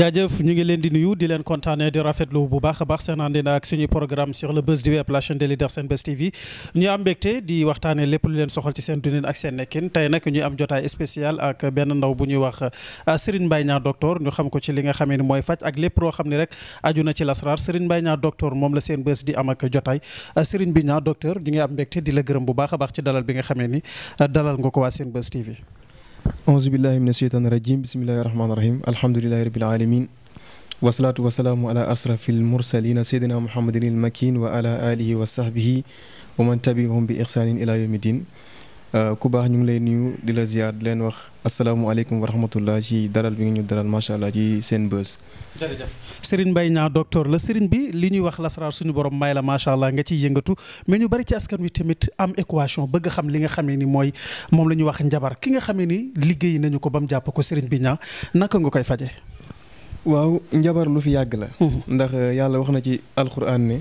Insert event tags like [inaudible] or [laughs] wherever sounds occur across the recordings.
jaajëf ñu ngi leen di nuyu di leen kontaane di rafetlu bu baax a baax seen àndina ak suñu programme sur la buzz du web la chaîne des leaders Senbuzz TV ñu am mbégte di waxtaane lépp lu leen soxal ci seen dundin ak seen nekkin tey nag ñu am jotaay spécial ak benn ndaw bu ñuy wax ah, Serigne mbay Niang docteur ñu xam ko ci li nga xamee ni mooy faj ak lépp roo xam ne rek aju na ci lasraar Serigne mbay Niang docteur moom la seen Senbuzz di am ak jotaay ah, Serigne bi Niang docteur ñu ngi am mbégte di la gërëm baax ci dalal bi nga xamee ni ah, dalal nga ko waa Senbuzz TV auzu billahi mina sheytaani rajim bismillahi rahmaani rahim alhamdulilahi rabil alamin wasalaatu wasalaamu ala asrafil mursalina seydina muhammadin il makin wa ala alihi wa sahbihi wa man tabiahum bi ixsaanin ila yawmi din Euh, ku baax ñu ngi lay nuyu di la ziar di leen wax asalaamualeykum wa rahmatullah ci dalal bi nga ñu dalal macha allah ci seen bës. jërëjëf Serigne Mbaye Niang la Serigne bi li ñuy wax lasaraar suñu borom may la macha allah nga ciy yëngatu mais ñu bari ci askan wi tamit am équation bëgg xam li nga xamee ni mooy moom la ñuy wax njabar ki nga xamee ni liggéey nañu ko ba mu jàpp ko Serigne bi ñaa naka nga koy faje waaw njabar lu fi yàgg la. Mhm. ndax euh, yàlla wax na ci alquran ne.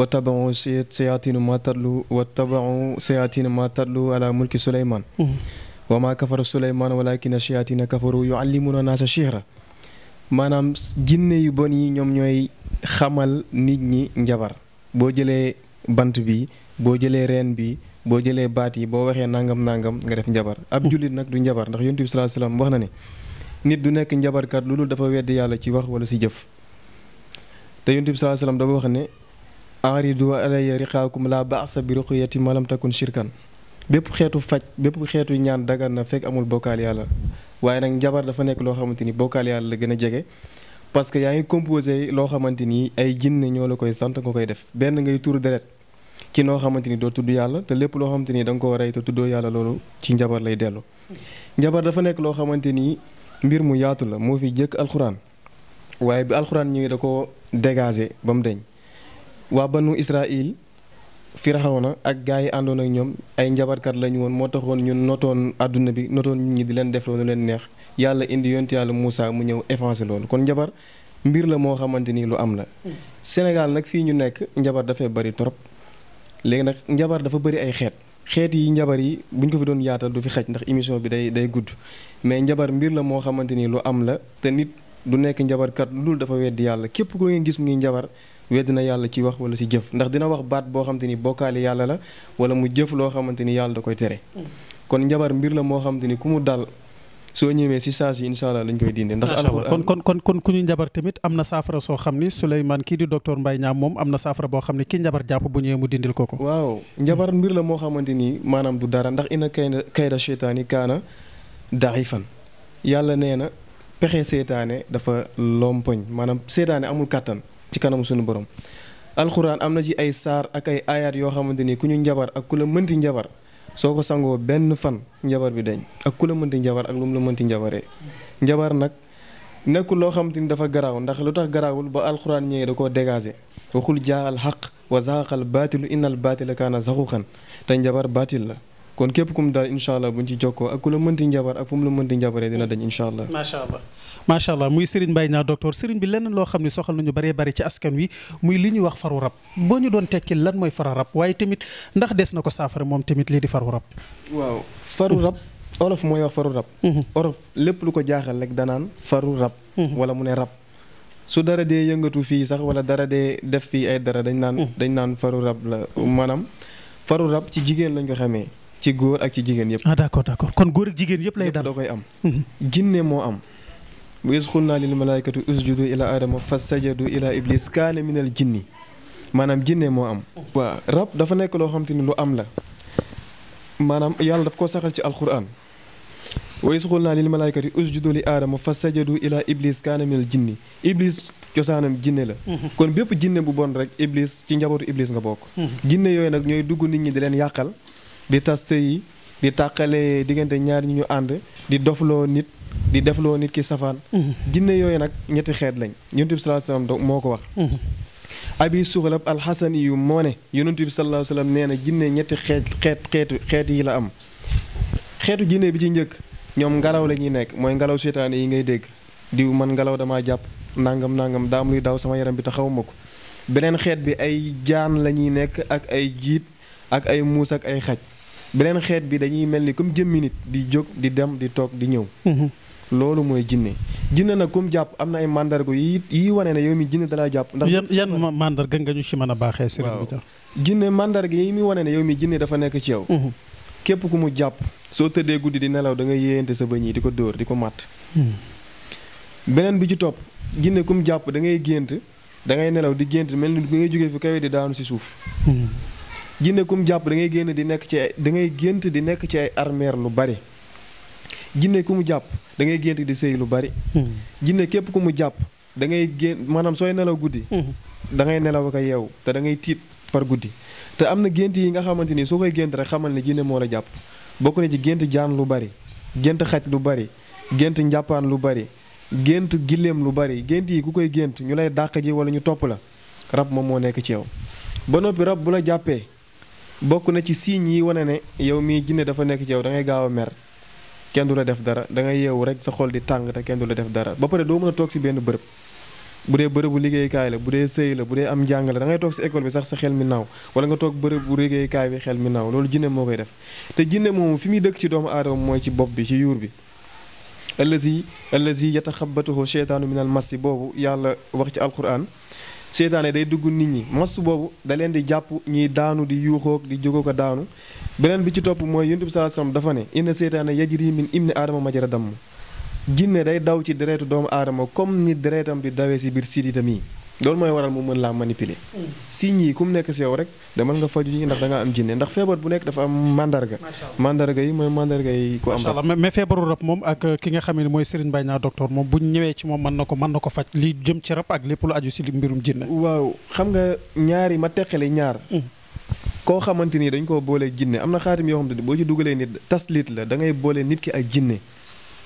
واتبعوا سياتين ما تتلو واتبعوا سياتين ما ma على ملك سليمان وما كفر سليمان ولكن الشياطين كفروا يعلمون الناس السحر maanaam jinne yu bon yi ñoom ñooy xamal nit ñi njabar boo jëlee bant bi boo jëlee reen bi boo jëlee baat yi boo waxee nangam nangam nga def njabar ab mm. jullit nag du njabar ndax yonent sa sallallahu alayhi wasallam wax na nit du nekk njabarkat lu dul dafa weddi yàlla ci wax wala si jëf te yonent bi aridu alayya riqaakum la baasa bi ruqyati ma lam takun shirkan bépp xeetu faj bépp xeetu ñaan dagan na fekk amul bokkaal yàlla waaye nag njabar dafa nekk loo xamante ni bokkaal la gën a jege parce que yaa ngi composé loo xamante ni ay jinne ñoo la koy sant nga koy def benn ngay tuur deret ci noo xamante ni doo tudd yàlla te lépp loo xamante ni da nga koo rey te tuddoo yàlla loolu ci njabar lay dellu njabar dafa nekk loo xamante ni mbir mu yaatu la moo fi jëkk alxuraan waaye bi alxuraan ñëwee da ko dégagé ba mu deñ waa banu Israil Firawna ak gaa yi àndoon ak ñoom ay njabarkat lañu woon moo taxoon ñun notoon àdduna bi notoon nit ñi di leen def lu leen neex yàlla indi yonent yàlla Moussa mu ñëw effacé loolu kon njabar mbir la moo xamante ni lu am la. Hmm. Sénégal nag fii ñu nekk njabar dafay bari trop léegi nag njabar dafa bari ay xeet. xeet yi njabar yi bu ko fi doon yaatal du fi xaj ndax émission bi day day gudd mais njabar mbir la moo xamante ni lu am la te nit du nekk njabarkat loolu dafa weddi yàlla képp ko gis mu ngi njabar. wedd na yàlla ci wax wala si jëf ndax dina wax baat boo xam ni bokkaale yàlla la wala mu jëf loo xamante ni yàlla da koy tere mm. kon njabar mbir la moo xam te ni ku mu dal soo ñëwee si saa si incha lañ koy dindi ndax kon kon kon kon ku ñu njabar tamit na saafara soo xam ni Souleymane kii di docteur Mbaye Niang moom am na saafara boo xam ne ki njabar jàpp bu ñëwee ko ko waaw njabar mbir la moo xamante ni maanaam du dara ndax ina kay kayda seytaani kaana fan yàlla nee na pexe seytaane dafa lompoñ maanaam seytaane amul kàttan ci kanamu suñu borom alxuraan am na ci ay saar ak ay aayaat yoo xamante ni ku ñu njabar ak ku la mënti njabar soo ko sangoo benn fan njabar bi dañ ak ku la mënti njabar ak lu mu la mënti njabaree njabar nag nekk loo xamante ni dafa garaaw ndax lu tax garaawul ba alxuraan ñëwee da koo dégager waxul jaaxal xaq wa zaaqal baatilu innal baatila kaana xan te njabar baatil la kon képp kum daal incha allah buñ ci jokkoo ak ku la mënti njabar ak fu mu la mënti njabaree dina dañ incha allah macha allah macha allah muy Serigne Mbaye Niang docteur Serigne bi lenn loo xam ne soxal nañu bëree bëri ci askan wi muy li ñuy wax faru rab boo ñu doon tekki lan mooy faru rab waaye tamit ndax des na ko saafara moom tamit lii di faru rab waaw mooy wax faru rab mhm. olof lépp lu ko jaaxal rek danaan faru rab mhm. wala mu ne rab su dara dee yëngatu fii sax wala mhm. la maanaam faru ci góor ak ci jigéen yëpp. ah d'accord d'accord kon góor ak jigéen yëpp lay dal da koy am. Mhm. jinne moo am. wa iz qulnaa lil malaa'ikati usjudu ilaa aadama fasajadu ilaa iblis kaana minal jinni maanaam jinne moo am. waaw rab dafa nekk loo xam te ni lu am la. maanaam yàlla daf ko saxal ci alquran. wa iz qulnaa lil malaa'ikati usjudu li aadama fasajadu ilaa iblis kaana minal jinni iblis cosaanam jinne la. Mhm. kon bépp jinne bu bon rek iblis ci njabootu iblis nga bokk. Mhm. jinne yooyu nag ñooy dugg nit ñi di leen yàqal. di tas sëy yi di tàqale diggante ñaar ñu ànd di dofloo nit di defloo nit ki safaan mhm. jinne yooyu nag ñetti xeet lañ yonent bi sallallahu alayhi wasallam moo ko wax mhm. abi suxlab alxasan yu moo ne yonent bi sallallahu alayhi wasallam nee na jinne ñetti xeet xeet xeetu xeet yi la am xeetu jinne bi ci njëkk ñoom ngelaw la ñuy nekk mooy ngelaw seetaane yi ngay dégg di man ngelaw damaa jàpp nangam nangam daa am luy daw sama yaram bi te ma ko beneen xeet bi ay jaan lañuy nekk ak ay jiit ak ay muus ak ay xaj beneen xeet bi dañuy mel ni comme jëmmi nit di jóg di dem di toog di ñëw. Mm-hmm. loolu mooy jinne jinne nag comme jàpp am na ay mandarga yi yi wane ne yow mi jinne dalaa jàpp. ndax yan yan mandarga nga ñu si mën a baaxee. sëriñ bi tam jinne yi mi wane ne yow mi jinne dafa nekk ci yow. Mm-hmm. képp ku mu jàpp soo tëddee guddi di nelaw da nga yéeyante sa bëñ yi di ko dóor di ko màtt. Mm-hmm. bi ci topp jinne ku jàpp da ngay gént dangay nelaw di gént mel ni da ngay jógee fi kawe di daanu si suuf. jinne kum jàpp dangay ngay génn di nekk ci ay da ngay gént di nekk ci ay armeer lu bari jinne ku mu jàpp da ngay gént di sëy lu bari jinne hmm. képp ku mu jàpp da ngay génn maanaam sooy nelaw guddi hmm. da ngay nelaw ak a te da ngay tiit par guddi te am na gént yi nga xamante ni soo koy gént rek xamal ne jinne moo la jàpp bokk na ci gént jaan lu bari gént xaj lu bari gént njàppaan lu bari gént giléem lu bari gént yi ku koy gént ñu lay dàq ji wala ñu topp la rab moom moo nekk ci yow ba noppi rab bu la jàppee bokk na ci signes yi wane ne yow mii jinne dafa nekk ci yow da ngay gaaw a mer kenn du la def dara dangay ngay yeewu rek sa xol di tàng te kenn du la def dara ba pare doo mën a toog si benn bërëb bu dee bërëbu liggéeykaay la bu dee sëy la bu dee am njàng la da ngay toog si école bi sax sa xel mi naw wala nga toog bërëb bu liggéeykaay bi xel mi naw loolu jinne moo koy def te jinne moomu fi muy dëkk ci doomu aadama mooy ci bopp bi ci yuur bi allazi allazi yataxabatuhu cheytaanu min al masi boobu yàlla wax ci alquran seytaane day dugg nit ñi masu boobu da leen di jàpp ñiy daanu di yuuxoog di jógoo ko daanu beneen bi ci topp mooy yonent bi sallallahu alayhi wasallam dafa ne inna seytaane yajri min ibni aadama majra damm jinne day daw ci deretu doomu aadama comme ni dereetam bi dawee si biir siditam yi loolu mooy waral mu mën laa manipuler. signes yi ku mu nekk si yow rek demal nga faju ji ndax da ngaa am jinne ndax feebar bu nekk dafa am mandarga. mandarga yi mooy mandarga yi ku am. macha allah mais feebaru rab moom ak euh, ki nga xam ne mooy Serigne Mbaye Niang docteur moom bu ñëwee ci moom man na ko mën na ko faj li jëm ci rab ak lépp lu aju si mbirum jinne. waaw xam nga ñaari ma teqale ñaar. Mm. koo xamante ni dañ koo boole jinne am na xaatim yoo xam ne boo ci dugalee nit liit la da ngay boole nit ki ak jinne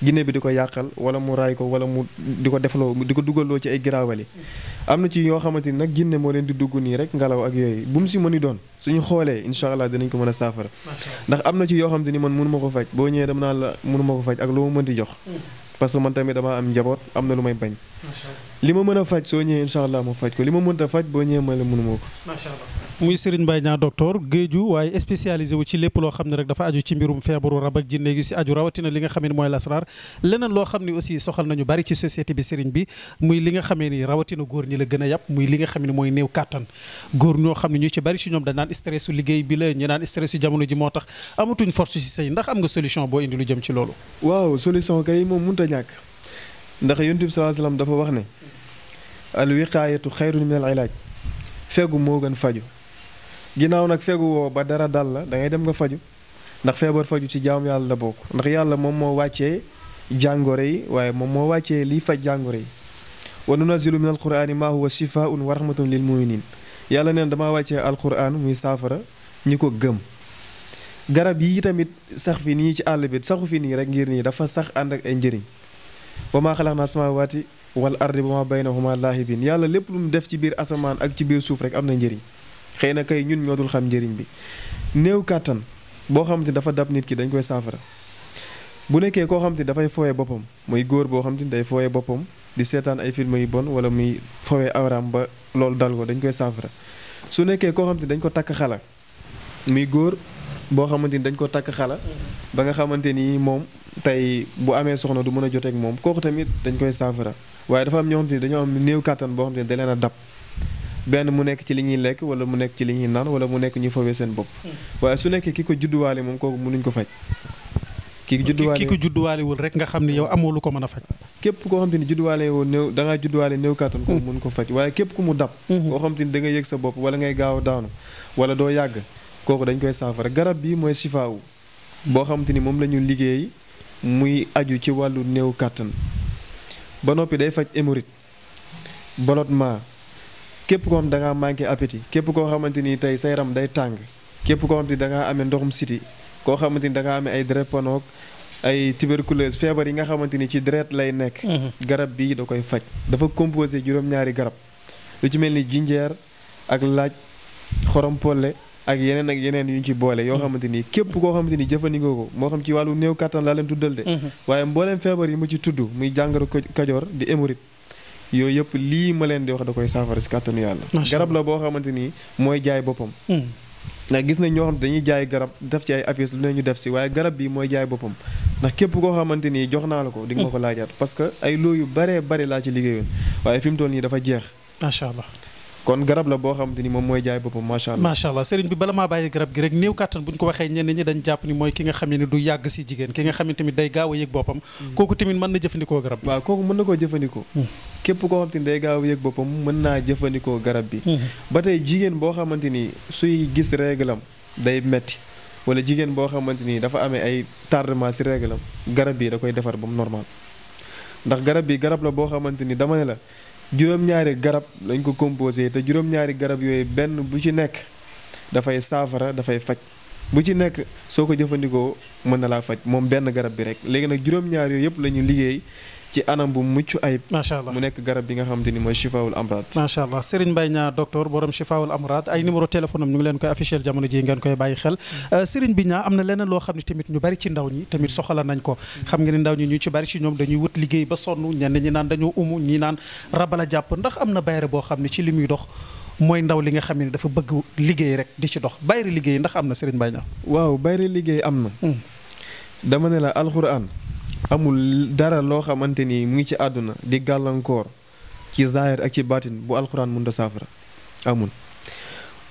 jinne bi di ko yàqal wala mu raay ko wala mu di ko mu di ko dugaloo ci ay giraawali am na ci yoo xamante ni nag jinne moo leen di dugg nii rek ngelaw ak yooyu bu mu si ni doon suñu xoolee incha allah dinañ ko mën a saafara ndax am na ci yoo xamante ni man mënu ma ko faj boo ñëwee dama naan la mënuma ko faj ak loo ma mën di jox mm. parce que man tamit damaa am njaboot am na lu may bañ li ma mën a faj soo ñëwee incha allah ma faj ko li ma mënta faj boo ñëwee ma la mënu ma ko. muy Serigne Mbaye Niang docteur géeju waaye spécialisé wu ci lépp loo xam ne rek dafa aju ci mbirum feebaru rab ak jinne gi si aju rawatina li nga xam ne mooy lasraar leneen loo xam ne aussi soxal nañu bari ci société bi Serigne bi muy li nga xamee ni rawatina góor ñi la gën a yàpp muy li nga xam ne mooy néew kàttan góor ñoo xam ne ñu ci bari ci ñoom dañ naan stress liggéey bi la ñu naan stress moo tax amatuñ force ci ndax am nga solution boo indi lu jëm ci loolu waaw solution kay moom mënta ñàkk ndax yonent bi sallallahu alayhi wax ne al wiqaayatu xayrun min al ilaaj fegu moo gën faju ginnaaw nag fegu woo ba dara dal la da ngay dem nga faju ndax feebar faju ci jaam yàlla la bokk ndax yàlla moom moo wàccee jàngoro yi waaye moom moo wàccee liy faj jàngoro yi wa nunazilu min alquraani maa huwa shifaun wa rahmatun lil niin yàlla neen dama wàccee alquran muy saafara ñi ko gëm garab yi tamit sax fi nii ci àll bi saxu fi nii rek ngir nii dafa sax ànd ak ay njëriñ wa maa xalaq naa wal ardi ba ma baynahuma laahibin yàlla lépp lu mu def ci biir asamaan ak ci biir suuf rek am na njariñ xëy na kay ñun ñoo dul xam njariñ bi néew kàttan boo xamante dafa dab nit ki dañ koy saafara bu nekkee koo xamante dafay fooye boppam muy góor boo xamante day fooye boppam di seetaan ay film yu bon wala muy fooye awraam ba loolu dal ko dañ koy saafara su nekkee koo xamante dañ ko takk xala muy góor boo xamante ni dañ ko takk xala ba nga xamante ni moom tey bu amee soxna du mën a joteek moom kooku tamit dañ koy saafara waaye dafa am ñoo xam te dañoo am néew kàttan boo xam te da leen a dab benn mu ci li ñuy lekk wala mu nekk ci li ñuy naan wala mu nekk ñuy fawee seen bopp hmm. waaye su nekkee ki ko judduwaale moom kooku mënuñ ko faj ki ko judduwaalewul rek nga xam ne yow amoo ko mën a faj képp koo xam te ni judduwaale woo néew da ngaa judduwaale néew kàttan ko hmm. mun ko faj waaye képp ku mu dab hmm. koo xam ni danga nga yëg sa bopp wala ngay gaaw daanu wala doo yàgg kooku dañ koy saafara garab bi mooy sifaawu boo xam ni moom la ñu liggéey muy aju ci wàllu néew kàttan ba noppi day faj hémorroïde ballonnement képp koo xam da ngaa manqué appétit képp koo xamante ni tey sa yaram day tàng képp ko xamante ni da ngaa amee ndoxum siti koo xamante ni da ngaa amee ay drépanoog ay tuberculose feebar yi nga xamante ni ci deret lay nekk. Mhm. garab bii da koy faj. dafa composé juróom-ñaari garab lu ci mel ni jinjeer ak laaj xorom ak yeneen ak yeneen yu ñu ci boole yoo mm-hmm. xamante ni képp koo xamante ni jëfandikoo ko moo xam ci wàllu néew kattan laa leen tuddal de mm-hmm. waaye mbooleem feebar yi mu ci tudd muy jàngoro kajoor di émorite yooyu yëpp lii ma leen di wax da koy saafara si kàttanu yàlla garab la boo xamante ni mooy jaay boppam mm-hmm. ndax gis nañ ñoo xam dañuy jaay garab def ci ay affiches lu ne ñu def si waaye garab bi mooy jaay boppam ndax képp koo xamante ni jox naa la ko di nga ma ko laajaat parce que ay yu baree laa ci liggéeyoon waaye fi mu toll nii dafa jeex macha allah kon garab la boo xamante ni moom mooy jaay boppam macha allah. macha allah sëriñ bi bala maa bàyyi garab gi rek néew kàttan bu ñu ko waxee ñenn ñi dañ jàpp ni mooy ki nga xam ne du yàgg si jigéen ki nga xam ne day gaaw a yëg boppam hmm. kooku tamit mën na jëfandikoo garab waaw kooku mën na koo jëfandikoo hmm. képp koo xamante ni day gaaw a naa jëfandikoo garab bi hmm. ba tey jigéen boo xamante ni suy gis réglam day metti wala jigéen boo xamante ni dafa amee ay tardement si réglam garab bi da koy defar ba mu normal ndax garab bi garab la boo xamante ni dama ne la juróom-ñaari garab lañ ko composé te juróom-ñaari garab yooyu benn bu ci nekk dafay saafara dafay faj bu ci nekk soo ko jëfandikoo mën na laa faj moom benn garab bi rek léegi nag juróom ñaari yooyu yëpp la ñu liggéey ci anam bu mucc ay macha allah mu nekk garab bi nga xamante ni mooy Chifaawul Amraad. macha allah Serigne Mbaye Niang docteur borom Amraad ay numéro téléphone am ñu ngi leen koy affiché jamono ji ngeen koy bàyyi xel. Mm. Euh, Serigne bi Niang am na leneen loo xam ne tamit ñu bari ci ndaw ñi tamit mm. soxala nañ ko. Mm. xam nga ne ndaw ñi ñu ci bari ci ñoom dañuy wut liggéey ba sonn ñenn ñi naan dañoo umu ñi naan rabala jàpp ndax am na bayre boo xam ne ci li muy dox. mooy ndaw li nga xam ne dafa bëgg liggéey rek di ci dox bayre liggéey ndax am na Serigne Mbaye Niang. waaw bayre liggéey am na. dama ne la alxuraan amul dara loo xamante ni mu ngi ci àdduna di gàllankoor ci zaahir ak ci baatin bu alxuraan mun a saafara amul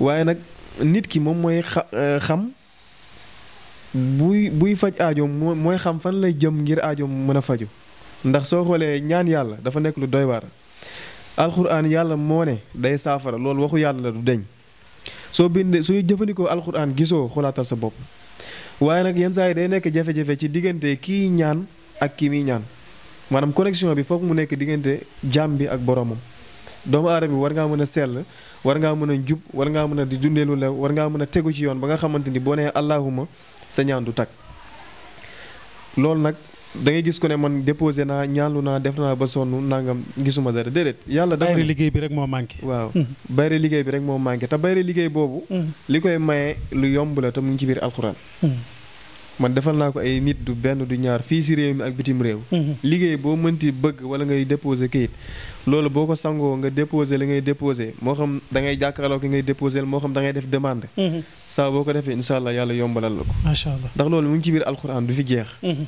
waaye nag nit ki moom mooy euh, xam buy buy faj aajoom mooy xam fan lay jëm ngir mu mën a faju ndax soo xoolee ñaan yàlla dafa nekk lu doy waar alxuraan yàlla moo ne day saafara loolu waxu yàlla la du deñ soo bindee suy jëfandikoo alxuraan gisoo xolaatal sa bopp waaye nag yenn saa yi day nekk jafe-jafe ci diggante kii ñaan ak kii muy ñaan maanaam connexion bi foog mu nekk diggante jaam bi ak boromam doomu aadama bi war ngaa mën a sell war ngaa mën a njub war ngaa mën a di dundee lu lew war ngaa mën a tegu ci yoon ba nga xamante ni boo nee allahuma sa ñaan du tag loolu nag da ngay gis ko ne man déposé naa ñaanlu naa def naa ba sonn nangam gisuma dara déedéet. yàlla dafa bayre liggéey bi rek moo manqué. waaw bayre liggéey bi rek moo manqué te bayre liggéey boobu. Mm. li koy maye lu yomb la mu ngi ci biir alxuraan. Mm. man defal naa ko ay nit du benn du ñaar fii si réew mi ak bitim réew. Mhm. liggéey boo mënti bëgg wala ngay déposé kayit. loolu boo ko sangoo nga déposé li ngay déposé moo xam da ngay jàkkaarloo ki ngay déposé moo xam da ngay def demande. Mhm. saa boo ko defee incha allah yàlla yombalal la ko. macha allah ndax loolu mu ngi ci biir alxuraan du fi jeex. Mhm.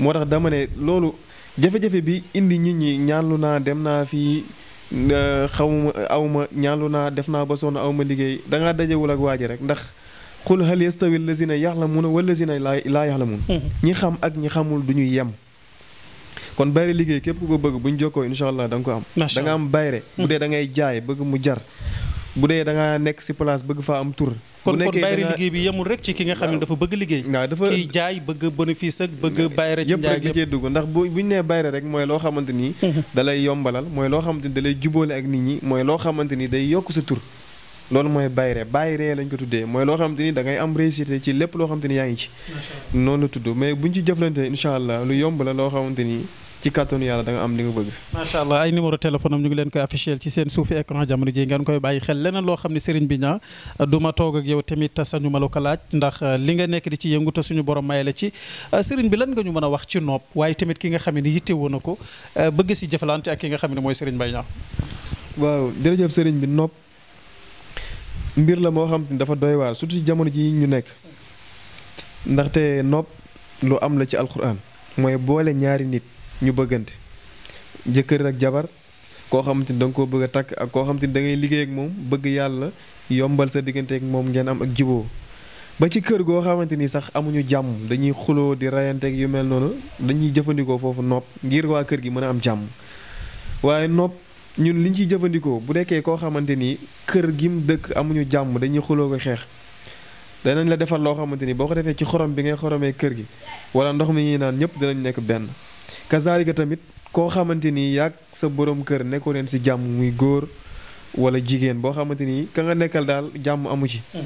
moo tax dama ne loolu jafe-jafe bi indi nit ñi ñaanlu naa dem naa fii. Euh, xawma awma ñaalu naa def naa ba sonn awma liggéey dangaa dajewul ak waaji rek ndax xul hal yastawi allazina yaxlamuuna wallazina laa yaxlamuun [laughs] ñi xam ak ñi xamul du ñuy yem kon bayre liggéey képp ku ko bëgg bu ñu jokkoo incha allah da nga ko am da nga am bayre hmm. bu dee da ngay jaay bëgg mu jar bu dee da ngaa nekk si place bëgg fa am tur kon kon bayre liggéey bi yemul rek ci ki nga xam ne dafa bëgg liggéey waaw dafa jaay bëgg bénéfice bëgg bayre ci njaay dugg ndax bu bu ñu nee bayre rek mooy loo xamante ni [laughs] da lay yombalal mooy loo xamante ni da lay jubóole ak nit ñi mooy loo xamante ni day yokk sa tur loolu mooy bayre bayre lañ ko tuddee mooy loo xamante ni da ngay am réussite ci lépp loo xamante ni yaa ngi ci noonu la tudd mais buñ ci jëflante incha allah lu yomb la loo xamante ni ci kàttanu yàlla da nga am allah ay numéro téléphone ngi leen koy affiché ci seen suufi écran jamono ji ngeen koy bàyyi xel leneen loo xam ne sëriñ bi ñaa du ma toog ak yow tamit sañu ma la ko laaj ndax euh, li nga nekk di ci yëngu suñu borom maye la ci euh, sëriñ bi lan nga ñu mën a wax ci nopp waaye tamit ki nga xam ne yitte woon na ko euh, bëgg si jëflante ak ki nga xam ne mooy sëriñ bay ñaa waaw jërëjëf sëriñ bi nopp mbir la moo xam te ni dafa doy waar surtout jamono ji ñu nekk ndaxte nopp lu am la ci alxuraan mooy boole ñaari nit ñu bëggante jëkkër ak jabar koo xamante ni da bëgg a takk ak koo xamante ni da ngay liggéey ak moom bëgg yàlla yombal sa diggante ak moom ngeen am ak jiboo ba ci kër goo xamante ni sax amuñu jàmm dañuy xuloo di rayanteeg yu mel noonu dañuy jëfandikoo foofu nopp ngir waa kër gi mën a am jàmm waaye nopp ñun liñ ciy jëfandikoo bu nekkee koo xamante ni kër gi mu dëkk amuñu jàmm dañuy xuloo ko xeex danañ la defal loo xamante ni boo ko defee ci xorom bi ngay xoromee kër gi wala ndox mi ñuy naan ñëpp dinañ nekk benn kazaalika tamit koo xamante ni yàgg sa borom kër nekkoo leen si jàmm muy góor wala jigéen boo xamante ni ka nga nekkal daal jàmm amu ci hmm.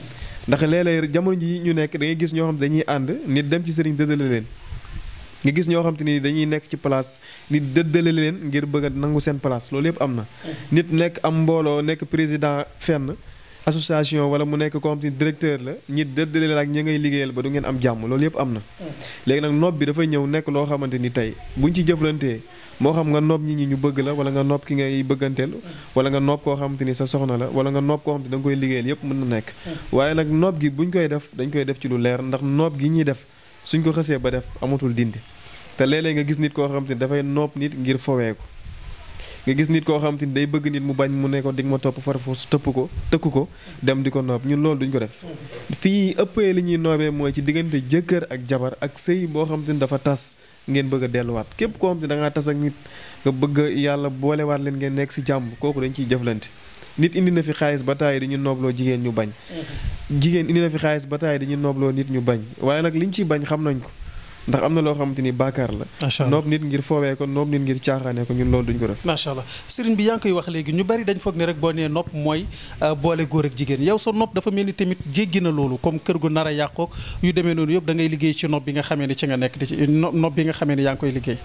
ndax léeg jamono ji ñu nekk da ngay gis ñoo xam dañuy ànd nit dem ci sëriñ dëddale leen nga gis ñoo xam te ni dañuy nekk ci place nit dëddale leen ngir bëgg a nangu seen place loolu yëpp am na. nit nekk am mbooloo nekk président fenn association wala mu nekk koo xam te ni la ñi dëddale leen ak ñi ngay ba du ngeen am jàmm loolu yëpp na. léegi nag nopp bi dafay ñëw nekk loo xamante ni tey buñ ci jëflantee moo xam nga nopp nit ñi ñu bëgg la wala nga nopp ki ngay bëgganteel wala nga nopp koo xamante ni sa soxna la wala nga nopp koo xamante ni da koy liggéeyal yëpp mën na nekk waaye nag nopp gi buñ koy def dañ koy def ci lu leer ndax nopp gi ñuy def suñ ko xësee ba def amatul dindi te léeg-léeg nga gis nit koo xam te ni dafay nopp nit ngir fowee nga gis nit koo xam ni day bëgg nit mu bañ mu ne ko dig ma topp far foofu tëpp ko tëkk ko dem di ko nopp ñun loolu duñ ko def. fii ëppee li ñuy noobee mooy ci diggante jëkkër ak jabar ak sëy boo xam te ni dafa tas ngeen bëgg a delluwaat képp koo xam te ni da ngaa tas ak nit nga bëgg yàlla boolewaat leen ngeen nekk si jàmm kooku dañ ciy jëflante. nit indi na fi xaalis ba taay dañu noobloo jigéen ñu bañ. jigéen indi na fi xaalis ba taay dañu noobloo nit ñu bañ waaye nag liñ ciy bañ xam nañ ko ndax am na loo xamante ni baakaar la noob nit ngir foowee ko noob nit ngir caaxaanee ko ñun loolu duñ ko def macha allah sëriñ bi yaa ngi koy wax léegi ñu bari dañ foog ne rek boo nee nopp mooy euh, boole góor ak jigéen yow sa nopp dafa mel ni tamit jéggi na loolu comme kër gu nar a yàqook yu demee noonu yëpp dangay liggéey ci nopp bi nga xamee ne ci nga nekk di ci nopp bi nga xamee ne yaa ngi koy liggéey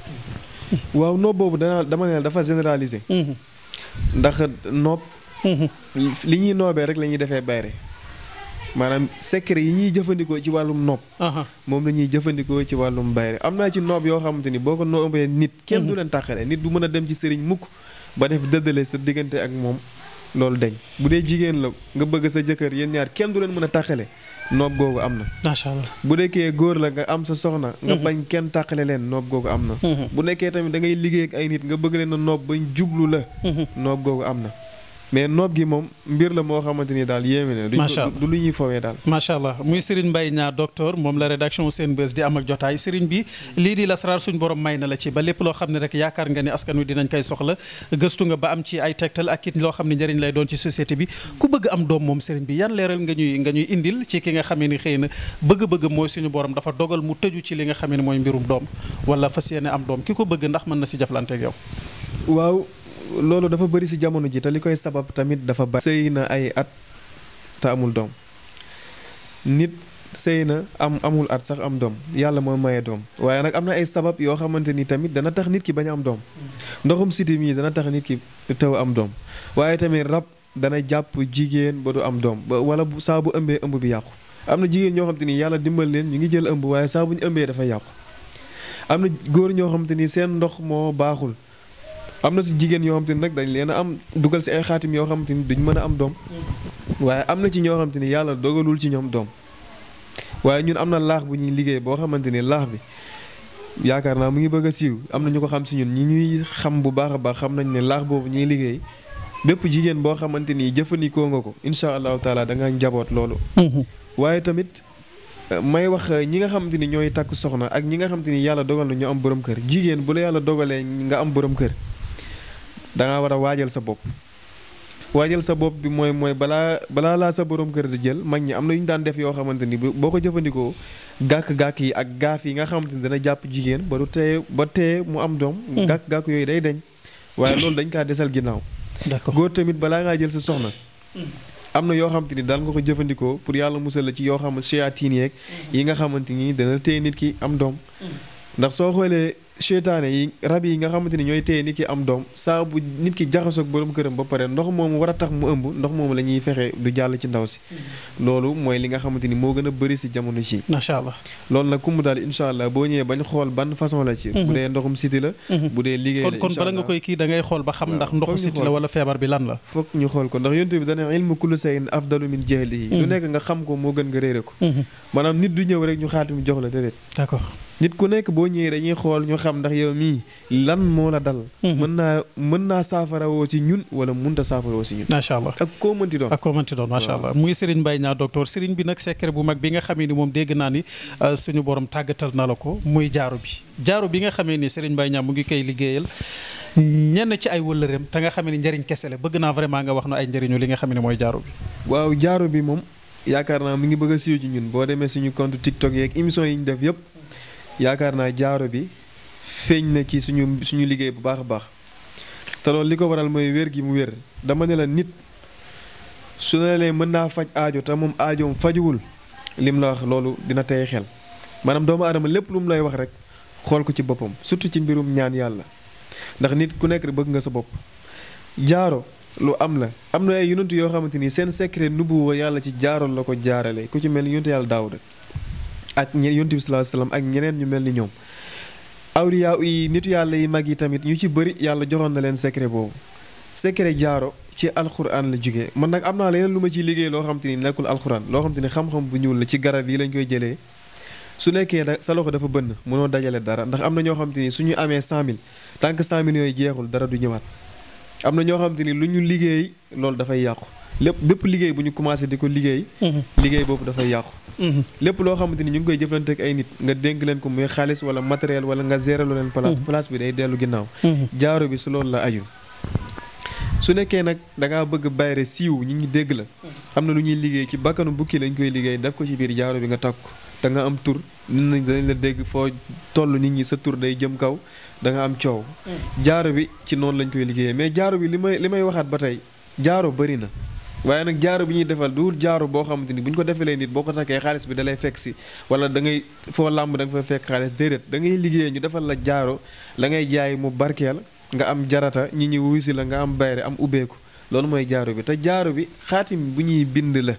waaw nopp boobu dana dama ne dafa généraliser mm-hmm. ndax nopp mm-hmm. li ñuy noobee rek la ñuy defee bayre maanaam secret yi ñuy jëfandikoo ci wàllum nopp moom la ñuy jëfandikoo ci wàllum bayre am naa ci nopp yoo xamante ni boo ko noobee nit kenn du mhm. leen tàqale nit du mën a dem ci sëriñ mukk ba def dëddale sa diggante ak moom loolu dañ bu dee jigéen la nga bëgg sa jëkkër yéen ñaar kenn du leen mën a tàqale noob googu am na macha bu nekkee góor la nga am sa soxna nga mhm. bañ kenn tàqale leen noob googu am na mhm. bu nekkee tamit da ngay liggéey ay nit nga bëgg leen a noob bañ jublu la noob googu am na mais noob gi moom mbir la moo xamante ni daal yéeme na. macha allah du lu ñuy daal. macha allah muy Serigne mbay ñaar docteur moom la rédaction Senbuzz di am ak jotaay Serigne bi lii di lasaraar suñu borom may na la ci ba lépp loo xam ne rek yaakaar nga ni askan wi dinañ koy soxla gëstu nga ba am ci ay tegtal ak it loo xam ne njariñ lay doon ci société bi ku bëgg am doom moom Serigne bi yan leeral nga ñuy nga ñuy indil ci ki nga xamee ni xëy na bëgg-bëgg mooy suñu borom dafa dogal mu tëju ci li nga xamee ni mooy mbirum doom wala fas yéene am doom ki ko bëgg ndax mën na si jëflante yow waaw loolu dafa bari si jamono ji te li koy sabab tamit dafa bari sëy na ay at te amul doom nit sëy na am amul at sax am doom yàlla mooy maye doom waaye nag am na ay sabab yoo xamante ni tamit dana tax nit ki bañ a am doom ndoxum sitim yi dana tax nit ki taw am doom waaye tamit rab dana jàpp jigéen ba du am doom wala saa bu ëmbee ëmb bi yàqu am na jigéen ñoo xam te ni yàlla dimbal leen ñu ngi jël ëmb waaye saa bu ñu ëmbee dafa yàqu am na góor ñoo xam ni seen ndox moo baaxul am na si jigéen yoo xam te ni nag dañ leen am dugal si ay xaatim yoo xamante ni duñ mën a am doom waaye am na ci ñoo xamante ni yàlla dogalul ci ñoom doom waaye ñun am na laax bu ñuy liggéey boo xamante ni laax bi yaakaar naa mu ngi bëgg a am na ñu ko xam si ñun ñi ñuy xam bu baax a baax xam nañ ne laax boobu ñuy liggéey bépp jigéen boo xamante ni jëfandikoo nga ko incha allahu taala da njaboot loolu. Mhm. waaye tamit euh, wax euh, ñi nga xamante ni ñooy takk soxna ak ñi nga xamante ni yàlla dogal na ñu am borom kër jigéen bu la yàlla dogalee nga am boroom kër. da war a waajal sa bopp waajal sa bopp bi mooy mooy balaa balaa laa sa borom kër di jël mag ñi am na yu ñu daan def yoo xamante ni boo ko jëfandikoo gàkk-gàkk yi ak gaaf yi nga xamante ni dana jàpp jigéen ba du tee ba tee mu am doom. gàkk-gàkk hmm. yooyu day dañ. waaye loolu dañ kaa desal ginnaaw. d'accord góor tamit balaa ngaa jël sa soxna. Hmm. am na yoo xamante ni daal nga ko jëfandikoo pour yàlla musal la ci yoo xam ne seytaane yeeg hmm. yi nga xamante ni dana téye nit ki am doom. ndax soo xoolee seytaane yi rab yi nga xamante ni ñooy téye nit ki am doom saa bu nit ki jaxasoog borom këram ba pare ndox moom war a tax mu ëmb ndox moomu la ñuy fexe du jàll ci ndaw si mm-hmm. loolu mooy li nga xamante ni moo gën a bëri si jamono ci macha allah loolu nag ku mu daal incha allah boo ñëwee bañ xool ban façon la ci mm-hmm. bu dee ndoxum siti la mm-hmm. bu dee liggéey la kon bala nga xool ba xam ndax ndoxu siti la wala bi lan la foog ñu xool ko ndax yontu bi dana ilmu kullu sayin afdalu min jahlihi lu nekk nga xam ko moo gën nga réere ko maanaam nit du ñëw rek ñu xaatim jox nit ku nekk boo ñëwee dañuy xool ñu xam ndax yow mii lan moo la dal. Mhm. mën naa mën naa saafarawoo ci ñun wala mënut a saafarawoo ci ñun. macha allah ak koo mënti doon ak koo mënti doon macha allah. muy Serigne Mbaye Niang docteur Serigne bi nag secret bu mag bi nga xamee ni moom dégg naa ni euh, suñu borom tàggatal na la ko muy jaaro bi. jaaru bi nga xamee ni Serigne Mbaye Niang mu ngi koy liggéeyal ñenn ci ay wëllëreem te nga xamee ni njëriñ kese la bëgg naa vraiment nga wax nu ay njëriñu li nga xam ne mooy jaaru bi. waaw jaaru bi yaakaar naa mi ngi bëgg a ñun boo demee suñu compte yeeg émission yi ñu def yëpp yaakaar naa jaaro bi feeñ na ci suñu suñu liggéey bu baax a baax te loolu li ko waral mooy wér gi mu wér dama ne la nit su ne lee mën naa faj aajo te moom aajoom fajuwul li mu la wax loolu dina tey xel maanaam doomu aadama lépp lu mu lay wax rek xool ko ci boppam surtout ci mbirum ñaan yàlla ndax nit ku nekk bëgg nga sa bopp jaaro lu am la am na ay yonent yoo xamante ni seen secret nubuwa yàlla ci jaaro la ko jaarale ku ci mel ni yonent yàlla Daawuda ak ñe yonent bi ak ñeneen ñu mel ni ñoom awliya yi nitu yàlla yi mag yi tamit ñu ci bëri yàlla joxoon na leen secret boobu secret jaaro ci alxuraan la jóge mën nag am naa leneen lu ma ci liggéey loo xam ni nekkul alxuraan loo xam ni xam-xam bu ñuul la ci garab yi lañ koy jëlee su nekkee da sa loxo dafa bënn mënoo dajale dara ndax am na ñoo xam te ni suñu amee 100000 tant que 100000 yooyu jeexul dara du ñëwaat am na ñoo xam ni lu ñu liggéey loolu dafay yàqu lépp bépp liggéey bu ñu commencé di ko liggéey mhm. liggéey boobu dafay yàqu mhm. lépp loo xamante ni ñu ngi koy jëflante ak ay nit nga dénk leen ko muy xaalis wala matériel wala nga gérelo leen place mhm. place bi day dellu ginnaaw jaaro bi su loolu la aju su nekkee nag da ngaa bëgg bayre siiw ñu ñu dégg la xam na lu ñuy liggéey ci bakkanu bukki lañ koy liggéey def ko ci biir jaaro bi nga takk da nga am tur nit ñi dañ la dégg foo tollu nit ñi sa tur day jëm kaw da nga am coow jaaro bi ci noonu lañ koy liggéeyee mais jaaro bi li may li may waxaat ba tey jaaro bëri na waaye nag jaaru bi ñuy defal du jaaru boo xamante ni bu ñu ko defalee nit boo ko takkee xaalis bi dalay fekk si wala da ngay foo làmb da nga fekk xaalis déedéet da ngay ñu defal la jaaro la ngay jaay mu barkeel nga am jarata ñi ñi wuy si la nga am bayre am ubbeeku loolu mooy jaaro bi te jaaro bi xaatim bu ñuy bind la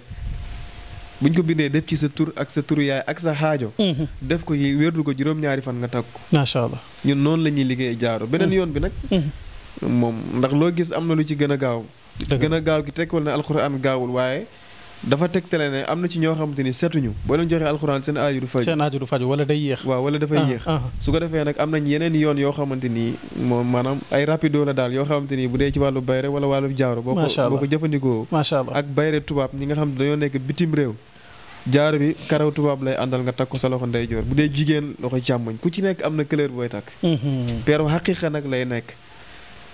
bu ñu ko bindee def ci sa tur ak sa turu yaay ak sa xaajo mhm. def ko yi wérdu ko juróom-ñaari fan nga takk ko macha allah ñun noonu la ñuy liggéeyee jaaro beneen mhm. yoon bi nag mhm. moom ndax loo gis am na lu ci gën a gaaw gën a gaaw gi tekkiwul ne alxuraan gaawul waaye dafa tegtale ne am na ci ñoo xamante ni setuñu boo leen joxee alxuraan seen aaju du faju seen aaju du faju wala day yéex waaw wala dafay ah, yéex ah. su ko defee nag am na yeneen yoon yoo xamante ni moom maanaam ay rapido la daal yoo xamante ni bu dee ci wàllu bayre wala wàllu jaaro boo ko boo ko jëfandikoo macha allah ak bayre tubaab ñi nga xam ne dañoo nekk bitim réew jaaro bi karaw tubaab lay àndal nga takk ko sa loxo ndeyjoor bu dee jigéen loxo càmmoñ ku ci nekk am na couleur booy takk mhm. peeru xaqiiqa nag lay nekk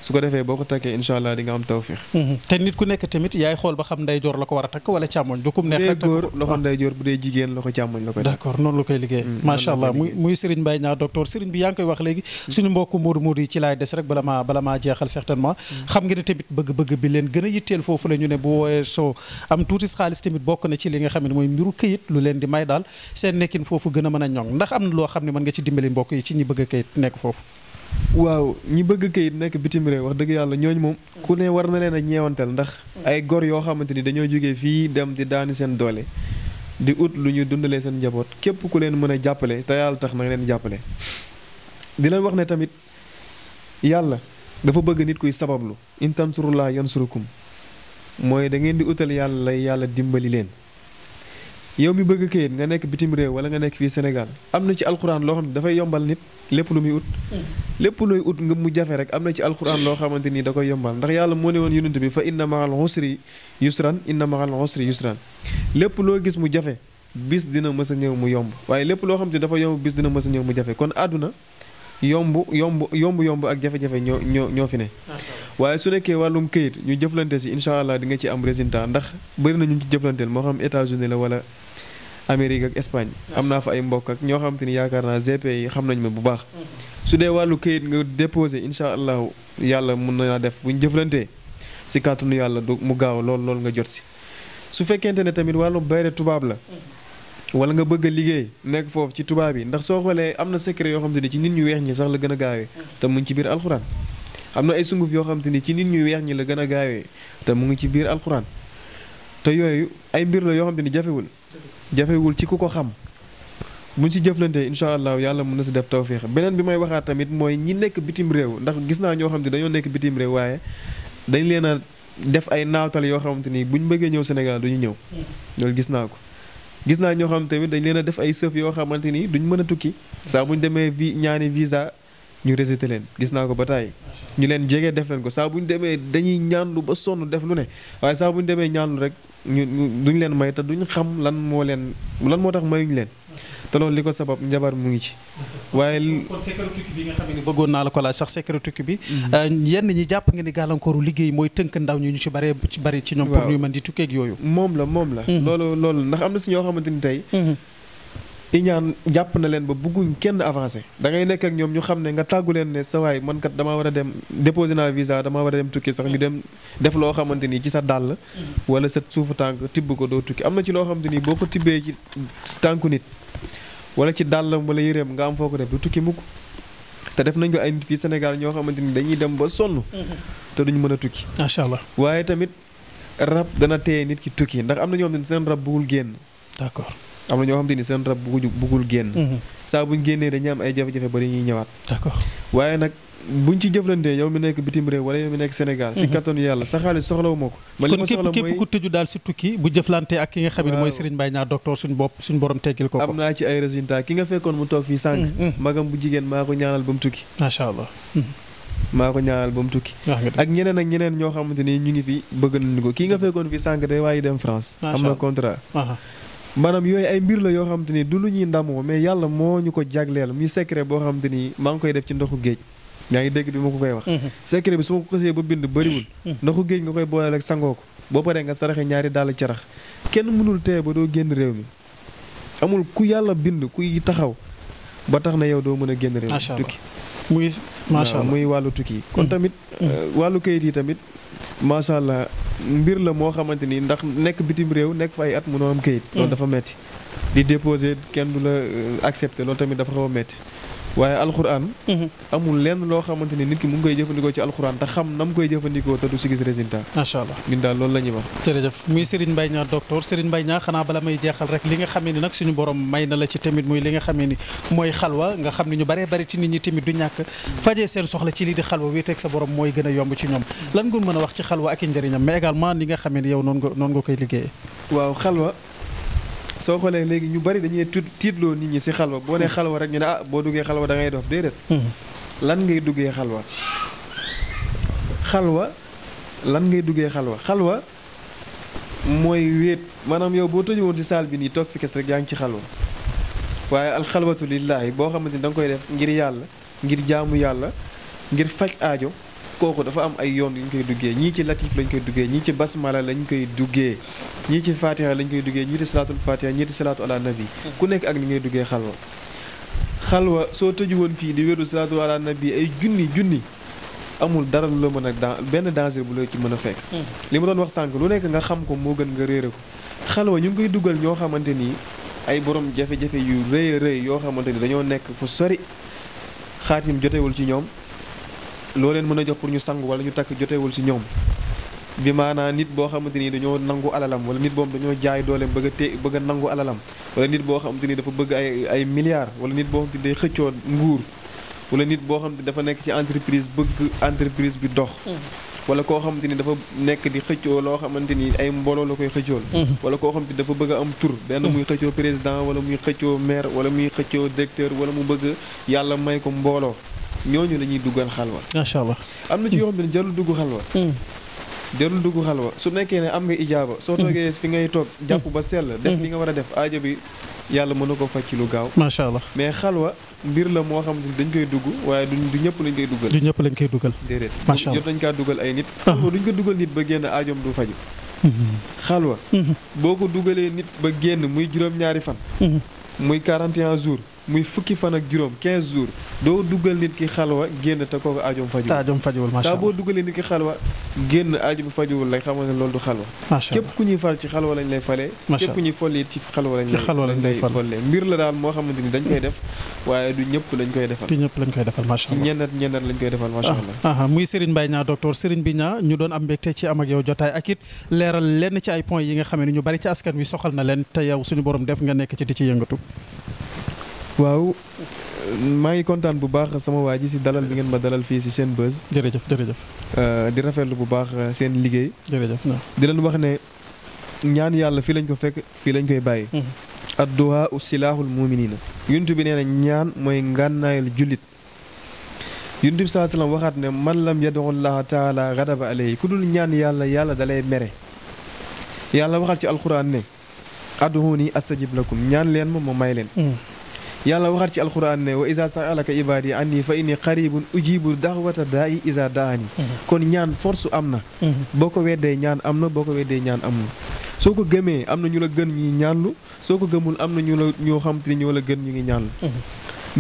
su ko defee boo ko takkee incha allah di nga am tawfiix mhm. te nit ku nekk tamit yaay xool ba xam ndeyjoor la ko war a takk wala càmmoñ du kum bu dee jigéen loxo càmmoñ la koy d'accord noonu la koy liggéey mm, macha allah muy muy Serigne Mbaye Niang docteur Serigne bi yaa ngi koy wax léegi mm. suñu mbokku moodu moodu yi ci laay des rek bala maa bala maa jeexal certainement mm. xam nga ne tamit bëgg-bëgg bi leen gën a yitteel foofu la ñu ne bu wooyee soo am tuuti xaalis tamit bokk na ci li nga xam ne mooy mbiru këyit lu leen di may daal seen nekkin foofu gën mën a ñoŋ ndax am loo xam ne mën nga ci dimbali mbokk yi ci ñi bëgg a këyit nekk foofu waaw ñi bëgg kayit nekk bitim réew wax dëgg yàlla ñooñu moom ku ne war na leen a ñeewantal ndax ay gor yoo xamante ni dañoo jógee fii dem di daani seen doole di ut lu ñu dundale seen njaboot képp ku leen mën a jàppale te yàlla tax na nga leen jàppale di leen wax ne tamit yàlla dafa bëgg nit kuy sabablu in tansurullaa yansurukum mooy da ngeen di utal yàlla lay yàlla dimbali leen yow mi bëgg këyit nga nekk bitim réew wala nga nekk fii Sénégal am na ci alxuraan loo xam ne dafay yombal nit lépp lu muy ut hmm. lépp looy ut nga mu jafe rek am na ci alxuraan loo xamante nii da koy yombal ndax yàlla moo ne woon yonent bi fa inna ma'al usri yusran inna ma'al usri yusran lépp loo gis mu jafe bis dina mës a ñëw mu yomb waaye lépp loo xam ne dafa yomb bis dina mës a ñëw mu jafe kon àdduna yomb yomb yomb yomb ak jafe-jafe ñoo ñoo ñoo fi ne waaye su nekkee wàllum këyit ñu jëflante si incha allah di ci am résultat ndax bëri na ñu ci moo xam États-Unis la wala Amérique ak Espagne am na fa ay mbokk ak ñoo xamante ni yaakaar naa GP yi xam nañ ma bu baax mm-hmm. su dee wàllu kayit nga déposé incha allahu yàlla mun naa def bu ñu jëflantee si kàttanu yàlla du mu gaaw lool lool nga jot si su fekkente ne tamit wàllu bayre tubaab la mm-hmm. wala nga bëgg liggéey nekk foofu ci tubaab yi ndax soo xoolee am na secret yoo xamante ni ci nit ñu weex ñi sax la gën a gaawee mm-hmm. te mu ngi ci biir alxuraan am na ay sunguf yoo xamante ni ci nit ñu weex ñi la gën a gaawee te mu ngi ci biir alxuraan te yooyu ay mbir la yoo xamante ni jafewul jafewul ci ku ko xam buñ si jëflantee incha allah yàlla mun na si def tawféex beneen bi may waxaat tamit mooy ñi nekk bitim réew ndax gis naa ñoo xam ne dañoo nekk bitim réew waaye dañ leen a def ay naawtal yoo xamante ni buñ bëggee ñëw Sénégal duñu ñëw loolu gis naa ko gis naa ñoo xam tamit dañ leen a def ay sëf yoo xamante ni duñ mën a tukki saa ñu demee vi ñaani visa ñu résister leen gis naa ko ba tàyyi ñu leen jege def leen ko saa ñu demee dañuy ñaan lu ba sonn def lu ne waaye saa buñ demee ñaan rek ñu duñ leen may te duñ xam lan moo leen lan moo tax mayuñ leen te loolu li ko sabab njabar mu ngi ci. waaye kon secret tukki bi bëggoon naa la ko laaj sax secret tukki bi. Mhm. Euh, yenn ñi jàpp nga ni gàllankooru liggéey mooy tënk ndaw ñu ñu ci bare ci bari ci ñoom. pour ñu mën di tukkeeg yooyu. moom la moom la. Mhm. loolu loolu ndax am na si ñoo xamante ni tey. Mhm. iñaan jàpp na leen ba bëgguñ kenn avancé da ngay nekk ak ñoom ñu xam ne nga tàggu leen ne sa waay man kat damaa war a dem déposé naa visa damaa war a dem tukki sax ñu dem def loo xamante ni ci sa dàll. wala sa suufu tànk tibb ko doo tukki am na ci loo xamante ni boo ko tibbee ci tànku nit wala ci dàllam wala yëreem nga am foo ko def du tukki mukk te def nañ ko ay nit fii Sénégal ñoo xamante ni dañuy dem ba sonn. te duñ mën a tukki. macha allah waaye tamit rab dana téye nit ci tukki ndax am na ñoo ne seen rab bëggul génn. d'accord am na ñoo xam te ni seen rab bugguñu buggul génn mhm. saa buñ génnee dañuy am ay jafe-jafe ba dañuy ñëwaat d'accord waaye nag buñ ci jëflantee yow mi nekk mhm. ma ko ma li ma soxla mooy kon képp xam ne naa ci ay résultat ki nga fekkoon mu toog fii sànq mhm, magam bu jigéen maa ko ñaanal ba tukki maa ko ñaanal ba tukki ak ñeneen ak ñeneen ñoo xamante ni ñu ngi fi bëgg nañu ko kii nga fekkoon fii sànq de waaye dem France am na contrat maanaam yooyu ay mbir la yoo xam te ni du lu ñuy ndamoo mais yàlla moo ñu ko jagleel muy secret boo xam te ni maa ngi koy def ci ndoxu géej yaa ngi dégg bi ma ko koy wax mm-hmm. secret bi su ma ko ba bind bëriwul mm-hmm. ndoxu géej nga koy booleel ak sangoo ko boo paree nga saraxe ñaari dàll carax kenn mënul teye ba doo génn réew mi amul ku yàlla bind kuy taxaw ba tax na yow doo mën a génn réew mi tukki muy macha muy wàllu tukki kon mm-hmm. tamit euh, wàllu kayit yi tamit macha allah mbir la moo xamante ni ndax nekk bitim réew nekk fa ay at mënoo am kayit. loolu mm. dafa metti di déposé kenn du la euh, accepter loolu tamit dafa xaw a metti waaye alxuraan mhm. amul lenn loo xamante ni nit ki mu ngi koy jëfandikoo ci alxuraan te xam na mu koy jëfandikoo te du si gis résultat macha allah ñun daal loolu la ñuy wax jërëjëf muy Serigne Mbaye Niang docteur Serigne Mbaye Niang xanaa bala may jeexal rek li nga xamee ni nag suñu borom may na la ci tamit muy li nga xamee ni mooy xalwa nga xam ne ñu baree bari ci nit ñi tamit du ñàkk fajee seen soxla ci lii di xalwa wéeteeg sa borom mooy gën a yomb ci ñoom lan nga mën a wax ci xalwa ak i njëriñam mais également li nga xamee ni yow noonu nga noonu nga koy liggéeyee waaw xalwa soo xoolee léegi ñu bari dañuy tiitloo nit ñi ci xalwa boo ne xalwa rek ñu ne ah boo duggee xalwa da ngay dof déedéet. Hmm. lan ngay duggee xalwa xalwa lan ngay duggee xalwa xalwa mooy wéet maanaam yow boo tëju woon ci saal bi nii toog fi kes rek yaa ngi ci xalwa waaye alxalwatu lillaahi boo xamante ni da nga koy def ngir yàlla ngir jaamu yàlla ngir faj aajo kooku dafa am ay yoon yu ñu koy duggee ñii ci latif lañ koy duggee ñii ci basmala lañ koy duggee ñii ci fatiha lañ koy duggee ñii di salaatul fatiha ñii di salaatu ala nabi ku nekk ak ni ngay duggee xalwa xalwa soo tëju woon fii di wéru salaatu ala nabi ay junni junni amul dara lu la mën a dan benn danger bu la ci mën a fekk hmm. li ma doon wax sànq lu nekk nga xam ko moo gën nga réere ko xalwa ñu ngi koy dugal ñoo xamante nii ay boroom jafe-jafe yu rëy a yoo xamante ni dañoo nekk fu sori xaatim jotewul ci ñoom loo leen mën a jox pour ñu sangu wala ñu takk jotewul si ñoom bi maanaa nit boo xamante ni dañoo nangu alalam wala nit boobu dañoo jaay dooleem bëgg a te bëgg a nangu alalam boo xamante ni dafa bëgg ay ay milliards wala nit boo xamante ni day xëccoo nguur nit boo xamante ni dafa nekk ci entreprise bëgg entreprise bi dox hmm. wala koo xamante ni dafa nekk di xëccoo loo xamante ni ay mbooloo la koy xëccool hmm. wala koo xamante ni dafa bëgg a am tur benn hmm. muy xëccoo président wala muy xëccoo maire wala muy xëccoo directeur wala mu bëgg yàlla may ko mbooloo ñooñu la ñuy duggal xalwa macha allah am na ci yoo xam ne jarul dugg xalwa hmm. jarul dugg xalwa su nekkee ne am nga ijaaba soo hmm. toogee fi ngay toog hmm. jàpp ba sell def li nga war a def aajo bi yàlla mën na ko faj ci lu gaaw macha allah mais xalwa mbir la moo xam ne dañ koy dugg waaye du du ñëpp lañ koy duggal du ñëpp lañ koy duggal déedéet macha allah jot nañ kaa duggal ay nit ah. duñ ko duggal nit ba génn aajoom du faju xalwa boo ko dugalee nit ba génn muy juróom-ñaari fan muy 41 jours muy fukki fan ak juróom 15 jours doo duggal nit ki xalwa génn te kooku aajoom fajuwul. te aajoom fajuwul macha allah saa boo duggalee nit ki xalwa génn aajoom fajuwul rek xam nga ne loolu du xalwa. macha allah képp ku ñuy fal ci xalwa lañ lay falee. macha allah képp ku ñuy follee ci xalwa lañ mbir la daal moo xamante ni dañ koy def waaye du ñëpp lañ koy defal. du ñëpp lañ koy defal macha allah ñenn lañ koy defal macha ah, allah. Ah, ah. muy Serigne Mbaye Niang docteur Serigne bi Niang ñu doon am mbégte ci am ak yow jotaay ak it leeral lenn ci ay point yi nga xam ne ñu bari ci askan wi soxal na leen te yow suñu borom def nga nekk ci di ci yëngatu waaw maa ngi kontaan bu baax sama waa ji si dalal bi ngeen ma dalal fii si seen buzz. jërëjëf jërëjëf. Euh, di rafetlu bu baax euh, seen liggéey. jërëjëf di leen wax ne ñaan yàlla fii lañ ko fekk fii lañ koy bàyyi. Mhm. adduhaa u silaahul muminina yuntu bi nee na ñaan mooy ngànnaayul jullit. yuntu bi saa salaam waxaat ne man lam yad'u llaaha taala gadaba alayhi ku dul ñaan yàlla yàlla dalay mere. yàlla waxaat ci alxuraan ne. ad'uuni astajib lakum ñaan leen ma ma may leen. Mhm. yàlla waxaat ci alquran ne wa isa saalaka ibadi anni fa inni qaribun ujibu daxwata daa'i isa daani mhm. kon ñaan force am na mhm. boo ko weddee ñaan am na boo ko weddee ñaan amul soo ko gëmee am na ñu la gën ñuy ñaanlu soo gëmul am na ñu la ñoo xamante ni ñoo la gën ñu ngi ñaanlu mhm.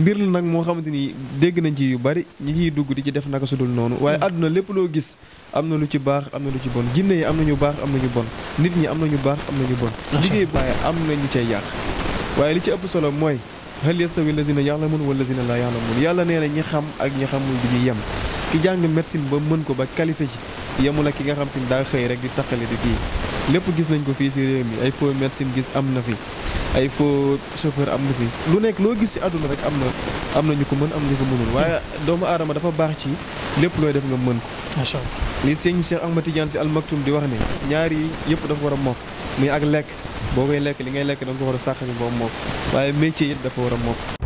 mbir la nag moo xamante ni dégg nañ ci yu bari ñi ciy dugg di ci def naka sudul noonu waaye àdduna lépp loo gis am na lu ci baax am na lu ci bon jinne yi am na ñu baax am na ñu bon nit ñi am na ñu baax am na ñu bon liggéey baaye am ñu cay yàq waaye li ci ëpp solo mooy hal yastawi lazina ya'lamun wa lazina la ya'lamun yàlla nee na ñi xam ak ñi xamul du ñu yem ki jàng médecine ba mën ko ba qualifié ci yemul ak ki nga xam te ni daa xëy rek di taqale di kii lépp gis nañ ko fii si ay faux médecine gis am na fi ay faux chauffeur am na fi lu nekk loo gis si àdduna rek am na am na ko mën am na ñu waaye doomu aadama dafa baax ci lépp looy def nga mën ko macha allah li sëñ Cheikh Ahmad Tidiane si Al Maktoum di wax ne ñaar yi yëpp dafa war a mokk muy ak lekk boo koy lekk li ngay lekk da nga ko war a sàq bi moom moom waaye métier it dafa war a moom